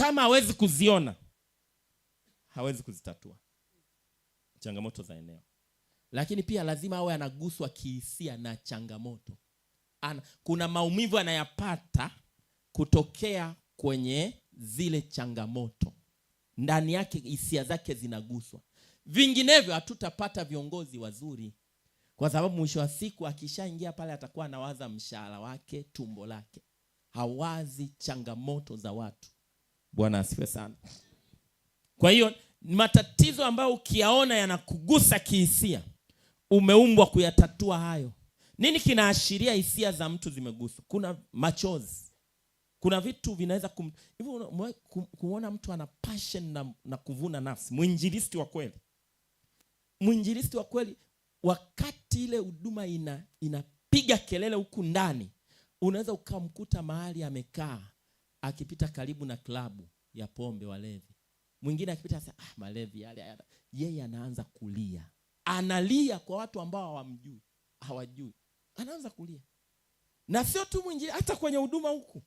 Kama hawezi kuziona, hawezi kuzitatua changamoto za eneo. Lakini pia lazima awe anaguswa kihisia na changamoto ana, kuna maumivu anayapata kutokea kwenye zile changamoto, ndani yake hisia zake zinaguswa. Vinginevyo hatutapata viongozi wazuri, kwa sababu mwisho wa siku akishaingia pale atakuwa anawaza mshahara wake, tumbo lake, hawazi changamoto za watu. Bwana asifiwe sana. Kwa hiyo matatizo ambayo ukiyaona yanakugusa kihisia, umeumbwa kuyatatua hayo. Nini kinaashiria hisia za mtu zimeguswa? Kuna machozi, kuna vitu vinaweza kum... kuona mtu ana passion na, na kuvuna nafsi. Mwinjilisti wa kweli, mwinjilisti wa kweli, wakati ile huduma ina inapiga kelele huku ndani, unaweza ukamkuta mahali amekaa akipita karibu na klabu ya pombe walevi, mwingine akipita sasa, ah, malevi yale yale, yeye anaanza kulia, analia kwa watu ambao hawamjui, hawajui, anaanza kulia. Na sio tu mwingine, hata kwenye huduma huku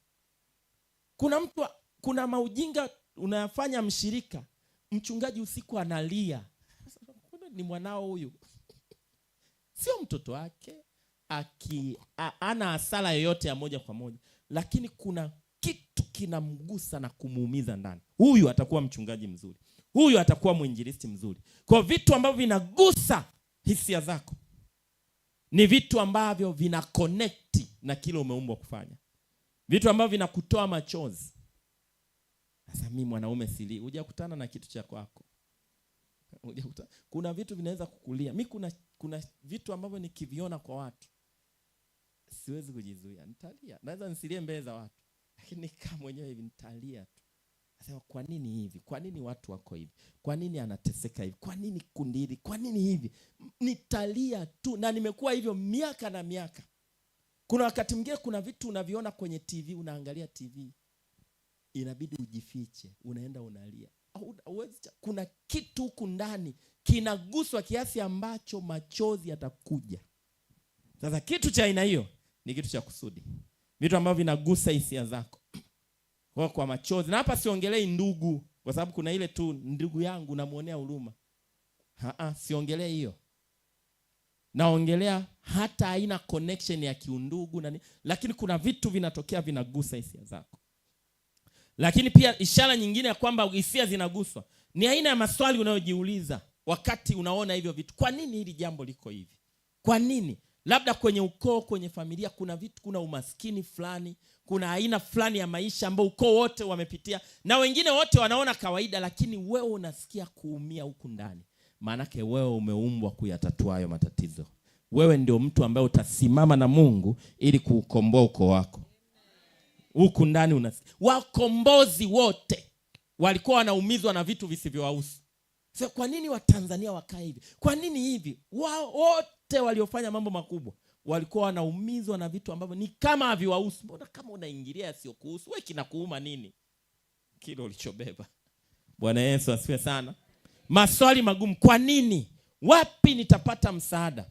kuna mtu, kuna maujinga unayafanya mshirika, mchungaji usiku analia, ni mwanao huyu sio mtoto wake, ana hasara yoyote ya moja kwa moja, lakini kuna kinamgusa na kumuumiza ndani, huyu atakuwa mchungaji mzuri, huyu atakuwa mwinjilisti mzuri. Kwa vitu ambavyo vinagusa hisia zako ni vitu ambavyo vina connect na kile umeumbwa kufanya, vitu ambavyo vinakutoa machozi. Sasa mimi mwanaume sili, hujakutana na kitu cha kwako, hujakutana. Kuna vitu vinaweza kukulia mimi, kuna kuna vitu ambavyo nikiviona kwa watu siwezi kujizuia, nitalia, naweza nisilie mbele za watu lakini nikaa mwenyewe hivi nitalia tu. Nasema kwa nini hivi? Kwa nini watu wako hivi? Kwa nini anateseka hivi? Kwa nini kundi hili? Kwa nini hivi? Nitalia tu na nimekuwa hivyo miaka na miaka. Kuna wakati mwingine kuna vitu unaviona kwenye TV, unaangalia TV. Inabidi ujifiche, unaenda unalia. Kuna kitu huku ndani kinaguswa kiasi ambacho machozi yatakuja. Sasa kitu cha aina hiyo ni kitu cha kusudi, vitu ambavyo vinagusa hisia zako kwa, kwa machozi. Na hapa siongelei ndugu, kwa sababu kuna ile tu ndugu yangu namuonea huruma, siongelei hiyo, naongelea hata haina connection ya kiundugu na, lakini kuna vitu vinatokea vinagusa hisia zako. Lakini pia ishara nyingine ya kwamba hisia zinaguswa ni aina ya maswali unayojiuliza wakati unaona hivyo vitu. Kwa nini hili jambo liko hivi? Kwa nini? labda kwenye ukoo, kwenye familia, kuna vitu, kuna umaskini fulani, kuna aina fulani ya maisha ambayo ukoo wote wamepitia na wengine wote wanaona kawaida, lakini wewe unasikia kuumia huku ndani. Maanake wewe umeumbwa kuyatatua hayo matatizo. Wewe ndio mtu ambaye utasimama na Mungu ili kuukomboa ukoo wako. Huku ndani unasikia wakombozi wote walikuwa wanaumizwa na vitu visivyowahusu. kwa nini Watanzania wakae hivi? Kwa nini hivi? Wao wote waliofanya mambo makubwa walikuwa wanaumizwa na vitu ambavyo ni kama haviwahusu. Mbona kama unaingilia yasiyokuhusu wewe, kinakuuma nini kile ulichobeba? Bwana Yesu asifiwe sana. Maswali magumu, kwa nini? Wapi nitapata msaada?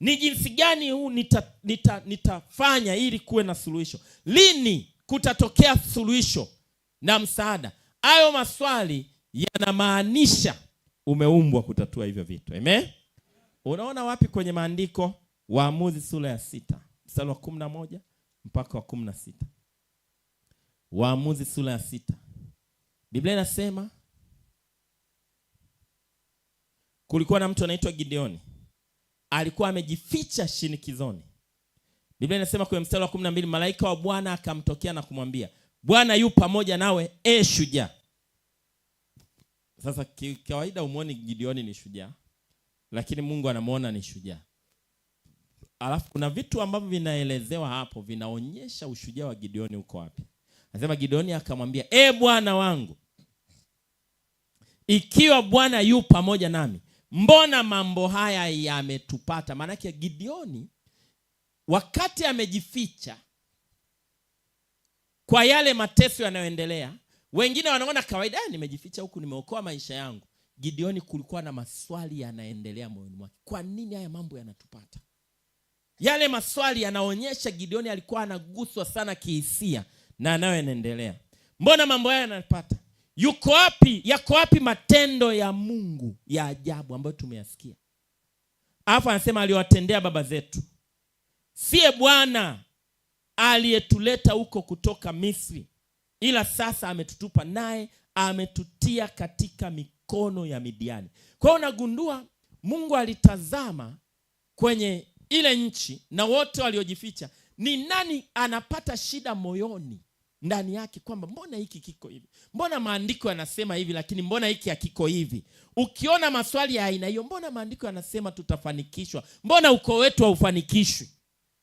Ni jinsi gani huu nita, nita, nitafanya ili kuwe na suluhisho? Lini kutatokea suluhisho na msaada? Hayo maswali yanamaanisha umeumbwa kutatua hivyo vitu. Amen. Unaona wapi kwenye maandiko? Waamuzi sura ya sita mstari wa kumi na moja mpaka wa kumi na sita Waamuzi sura ya sita Biblia inasema kulikuwa na mtu anaitwa Gideoni, alikuwa amejificha shinikizoni. Biblia inasema kwenye mstari wa kumi na mbili malaika wa Bwana akamtokea na kumwambia, Bwana yu pamoja nawe, e shujaa. Sasa kawaida, umwoni Gideoni ni shujaa lakini Mungu anamwona ni shujaa. Alafu kuna vitu ambavyo vinaelezewa hapo vinaonyesha ushujaa wa Gideoni uko wapi. Anasema Gideoni akamwambia, e Bwana wangu, ikiwa Bwana yu pamoja nami, mbona mambo haya yametupata? Maanake Gideoni wakati amejificha kwa yale mateso yanayoendelea, wengine wanaona kawaida, ah, nimejificha huku, nimeokoa maisha yangu Gideoni kulikuwa na maswali yanaendelea moyoni mwake, kwa nini haya mambo yanatupata? Yale maswali yanaonyesha Gideoni alikuwa anaguswa sana kihisia na nayo yanaendelea, mbona mambo haya yanapata? Yuko wapi? Yako wapi matendo ya Mungu ya ajabu ambayo tumeyasikia? Alafu anasema aliwatendea baba zetu. Siye Bwana aliyetuleta huko kutoka Misri, ila sasa ametutupa naye ametutia katika mikono mikono ya Midiani. Kwa hiyo unagundua Mungu alitazama kwenye ile nchi na wote waliojificha. Ni nani anapata shida moyoni ndani yake kwamba mbona hiki kiko hivi, mbona maandiko yanasema hivi, lakini mbona hiki hakiko hivi? Ukiona maswali ya aina hiyo, mbona maandiko yanasema tutafanikishwa, mbona ukoo wetu haufanikishwi,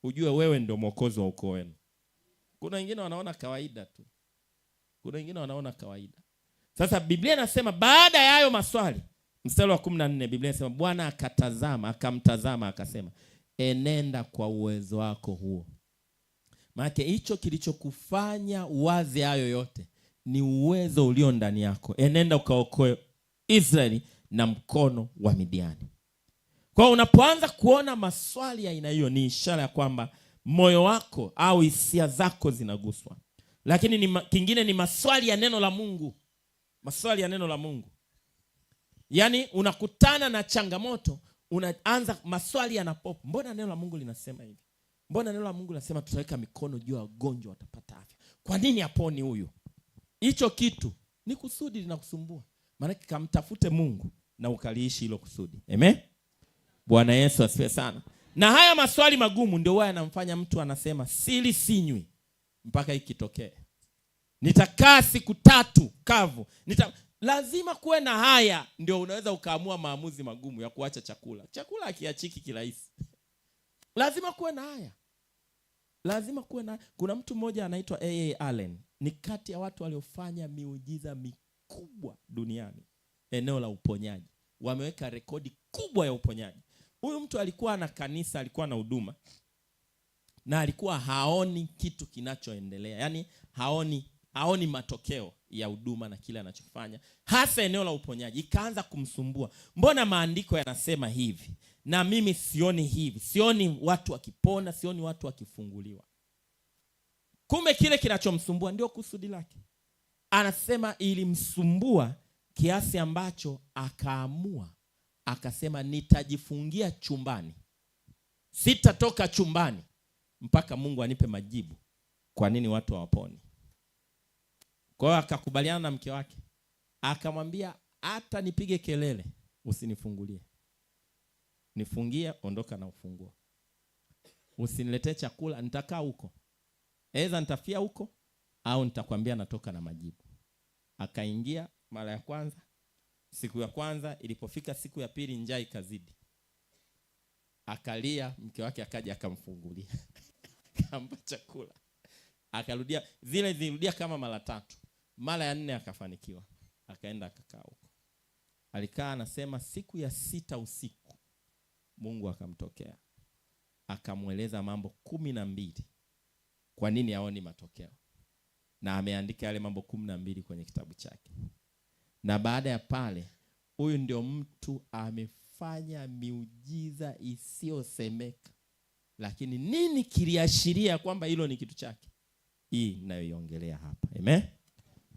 ujue wewe ndio mwokozi wa ukoo wenu. Kuna wengine wanaona kawaida tu, kuna wengine wanaona kawaida sasa Biblia inasema baada ya hayo maswali, mstari wa 14, Biblia inasema Bwana akatazama, akamtazama, akasema enenda kwa uwezo wako huo. Maana hicho kilichokufanya wazi hayo yote ni uwezo ulio ndani yako. Enenda ukaokoe Israeli na mkono wa Midiani. Kwa unapoanza kuona maswali ya aina hiyo, ni ishara ya kwamba moyo wako au hisia zako zinaguswa. Lakini ni kingine ni maswali ya neno la Mungu maswali ya neno la Mungu. Yaani unakutana na changamoto, unaanza maswali yanapopa. Mbona neno la Mungu linasema hivi? Mbona neno la Mungu linasema tutaweka mikono juu ya wagonjwa watapata afya? Kwa nini haponi huyu? Hicho kitu ni kusudi linakusumbua. Maana kamtafute Mungu na ukaliishi hilo kusudi. Amen. Bwana Yesu asifiwe sana. Na haya maswali magumu ndio huwa yanamfanya mtu anasema sili sinywi mpaka ikitokee nitakaa siku tatu kavu nita... lazima kuwe na haya, ndio unaweza ukaamua maamuzi magumu ya kuacha chakula. Chakula akiachiki kirahisi, lazima kuwe na haya, lazima kuwe na. Kuna mtu mmoja anaitwa A.A. Allen, ni kati ya watu waliofanya miujiza mikubwa duniani eneo la uponyaji, wameweka rekodi kubwa ya uponyaji. Huyu mtu alikuwa na kanisa, alikuwa na huduma na alikuwa haoni kitu kinachoendelea, yaani haoni aoni matokeo ya huduma na kile anachofanya, hasa eneo la uponyaji. Ikaanza kumsumbua, mbona maandiko yanasema hivi na mimi sioni hivi, sioni watu wakipona, sioni watu wakifunguliwa. Kumbe kile kinachomsumbua ndio kusudi lake. Anasema ilimsumbua kiasi ambacho akaamua akasema, nitajifungia chumbani, sitatoka chumbani mpaka Mungu anipe majibu, kwa nini watu hawaponi. Kwa hiyo akakubaliana na mke wake, akamwambia hata nipige kelele usinifungulie, nifungie, ondoka na ufunguo, usiniletee chakula, nitakaa huko, aidha nitafia huko au nitakwambia natoka na majibu. Akaingia mara ya kwanza, siku ya kwanza ilipofika siku ya pili, njaa ikazidi, akalia, mke wake akaja akamfungulia, akampa chakula, akarudia, zile zirudia kama mara tatu. Mara ya nne akafanikiwa, akaenda akakaa huko. Alikaa anasema, siku ya sita usiku Mungu akamtokea akamweleza mambo kumi na mbili kwa nini aoni matokeo, na ameandika yale mambo kumi na mbili kwenye kitabu chake. Na baada ya pale, huyu ndio mtu amefanya miujiza isiyosemeka. Lakini nini kiliashiria kwamba hilo ni kitu chake? Hii nayoiongelea hapa, amen.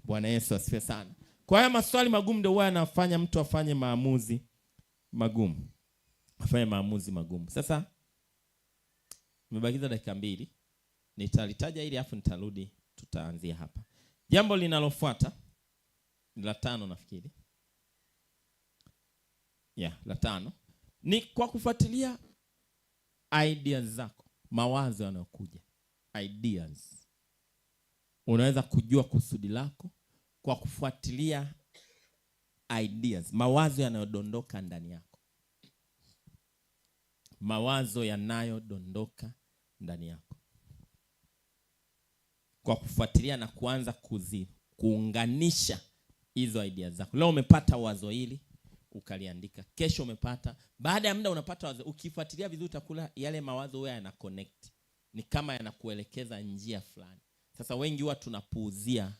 Bwana Yesu asifiwe sana. Kwa haya maswali magumu ndio huwa yanafanya mtu afanye maamuzi magumu, afanye maamuzi magumu. Sasa nimebakiza dakika mbili, nitalitaja hili afu nitarudi, tutaanzia hapa. Jambo linalofuata la tano, nafikiri yeah, la tano ni kwa kufuatilia ideas zako, mawazo yanayokuja ideas Unaweza kujua kusudi lako kwa kufuatilia ideas, mawazo yanayodondoka ndani yako, mawazo yanayodondoka ndani yako, kwa kufuatilia na kuanza kuzi kuunganisha hizo ideas zako. Leo umepata wazo hili ukaliandika, kesho umepata, baada ya muda unapata wazo. Ukifuatilia vizuri, utakula yale mawazo wewe yana connect, ni kama yanakuelekeza njia fulani. Sasa wengi huwa tunapuuzia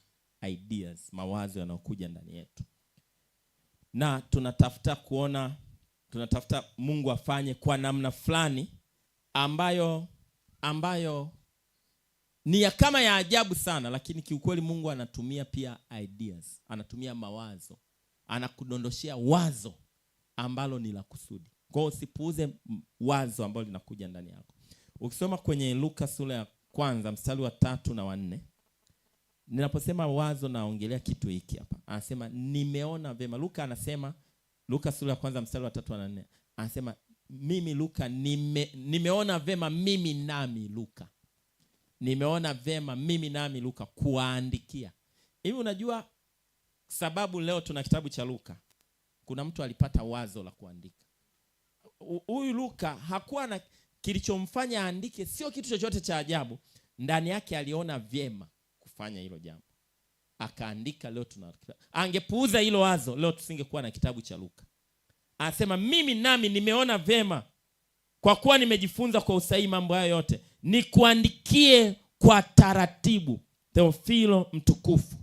ideas, mawazo yanayokuja ndani yetu, na tunatafuta kuona, tunatafuta Mungu afanye kwa namna fulani ambayo ambayo ni ya kama ya ajabu sana, lakini kiukweli Mungu anatumia pia ideas, anatumia mawazo, anakudondoshea wazo ambalo ni la kusudi. Kwa hiyo usipuuze wazo ambalo linakuja ndani yako. Ukisoma kwenye Luka sura ya kwanza mstari wa tatu na wanne. Ninaposema wazo naongelea kitu hiki hapa, anasema nimeona vema. Luka anasema Luka sura ya kwanza mstari wa tatu na nne anasema mimi Luka nime, nimeona vema mimi nami Luka nimeona vema mimi nami Luka kuwaandikia hivi. Unajua sababu leo tuna kitabu cha Luka, kuna mtu alipata wazo la kuandika. Huyu Luka hakuwa na kilichomfanya aandike sio kitu chochote cha ajabu. Ndani yake aliona vyema kufanya hilo jambo, akaandika. Leo tuna angepuuza hilo wazo, leo tusingekuwa na kitabu cha Luka. Anasema mimi nami nimeona vyema, kwa kuwa nimejifunza kwa usahihi mambo hayo yote, nikuandikie kwa taratibu, Theofilo mtukufu.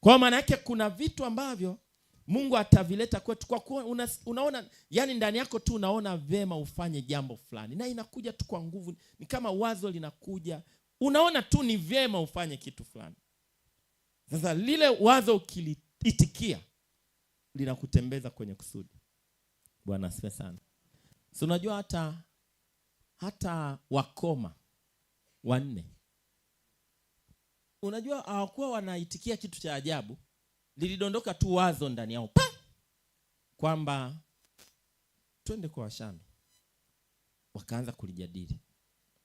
Kwa maana yake kuna vitu ambavyo Mungu atavileta kwetu kwa kuwa una, unaona yani ndani yako tu unaona vema ufanye jambo fulani, na inakuja tu kwa nguvu, ni kama wazo linakuja, unaona tu ni vyema ufanye kitu fulani. Sasa lile wazo ukiliitikia linakutembeza kwenye kusudi. Bwana asifiwe sana. Si unajua hata hata wakoma wanne, unajua hawakuwa wanaitikia kitu cha ajabu lilidondoka tu wazo ndani yao pa kwamba twende kwa washamba, wakaanza kulijadili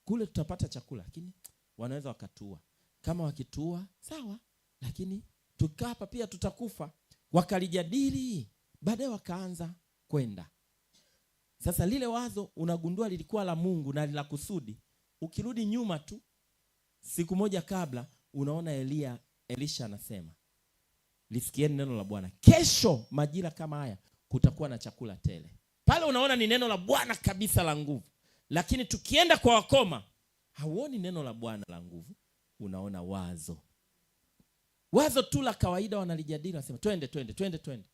kule, tutapata chakula, lakini wanaweza wakatua. Kama wakitua sawa, lakini tukapa pia tutakufa. Wakalijadili baadaye, wakaanza kwenda sasa. Lile wazo unagundua lilikuwa la Mungu na lila kusudi. Ukirudi nyuma tu siku moja kabla, unaona Elia Elisha anasema lisikieni neno la Bwana. Kesho majira kama haya kutakuwa na chakula tele. Pale unaona ni neno la Bwana kabisa la nguvu, lakini tukienda kwa wakoma hauoni neno la Bwana la nguvu, unaona wazo wazo tu la kawaida, wanalijadili wanasema, twende twende twende twende,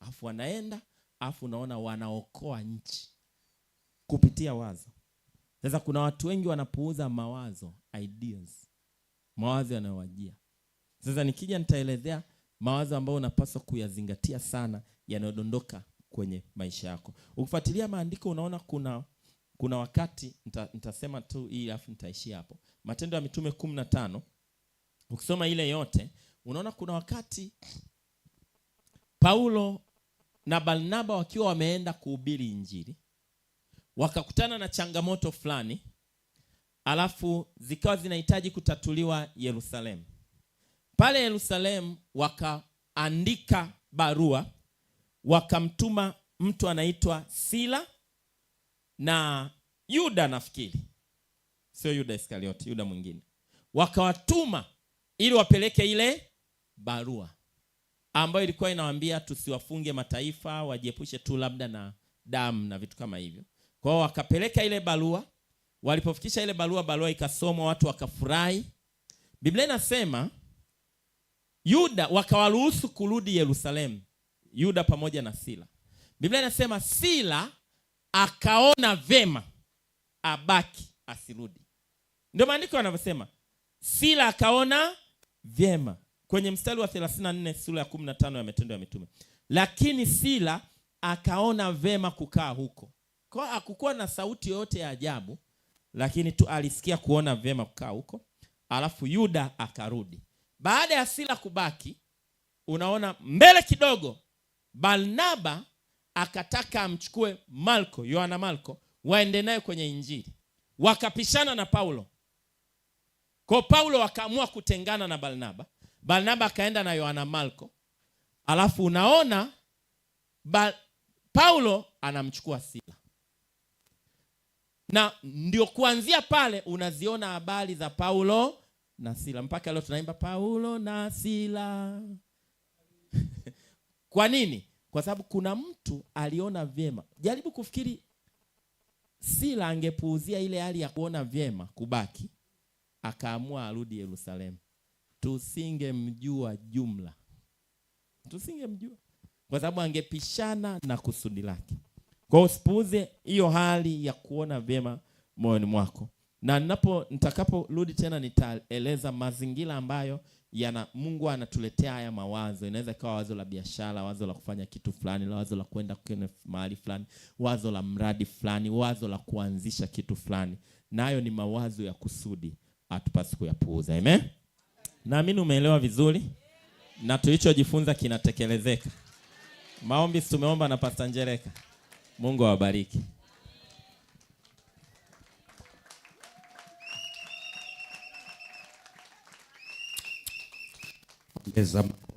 afu wanaenda afu unaona wanaokoa nchi kupitia wazo. Sasa kuna watu wengi wanapuuza mawazo, ideas, mawazo yanayowajia. Sasa nikija nitaelezea mawazo ambayo unapaswa kuyazingatia sana yanayodondoka kwenye maisha yako. Ukifuatilia maandiko unaona kuna kuna wakati nita, nitasema tu hii alafu nitaishia hapo. Matendo ya Mitume kumi na tano ukisoma ile yote unaona kuna wakati Paulo na Barnaba wakiwa wameenda kuhubiri Injili wakakutana na changamoto fulani, alafu zikawa zinahitaji kutatuliwa Yerusalemu pale Yerusalemu wakaandika barua, wakamtuma mtu anaitwa Sila na Yuda, nafikiri sio Yuda iskariot Yuda mwingine, wakawatuma ili wapeleke ile barua ambayo ilikuwa inawambia tusiwafunge mataifa, wajiepushe tu labda na damu na vitu kama hivyo. Kwa hiyo wakapeleka ile barua. Walipofikisha ile barua, barua ikasomwa, watu wakafurahi. Biblia inasema Yuda wakawaruhusu kurudi Yerusalemu, Yuda pamoja na Sila. Biblia inasema Sila akaona vema abaki asirudi. Ndio maandiko yanavyosema, Sila akaona vyema kwenye mstari wa 34 sura ya 15 ya Matendo ya Mitume. Lakini Sila akaona vema kukaa huko. Kwa hiyo na sauti yoyote ya ajabu, lakini tu alisikia kuona vema kukaa huko. Alafu Yuda akarudi. Baada ya Sila kubaki, unaona mbele kidogo, Barnaba akataka amchukue Marko, Yohana Marko, waende naye kwenye Injili. Wakapishana na Paulo. Kwa Paulo akaamua kutengana na Barnaba. Barnaba akaenda na Yohana Marko. Alafu unaona ba, Paulo anamchukua Sila, na ndio kuanzia pale unaziona habari za Paulo na sila, mpaka leo tunaimba Paulo na sila kwa nini? Kwa sababu kuna mtu aliona vyema. Jaribu kufikiri, sila angepuuzia ile hali ya kuona vyema kubaki, akaamua arudi Yerusalemu, tusingemjua jumla, tusingemjua kwa sababu angepishana na kusudi lake. Kwa usipuuze hiyo hali ya kuona vyema moyoni mwako na ninapo nitakaporudi tena nitaeleza mazingira ambayo yana Mungu anatuletea haya mawazo. Inaweza ikawa wazo la biashara, wazo la kufanya kitu fulani, la wazo la kwenda kwenye mahali fulani, wazo la mradi fulani, wazo la kuanzisha kitu fulani, nayo ni mawazo ya kusudi, hatupasi kuyapuuza. Amen. Naamini umeelewa vizuri na tulichojifunza kinatekelezeka. Maombi tumeomba na Pastor Njereka. Mungu awabariki. Exame.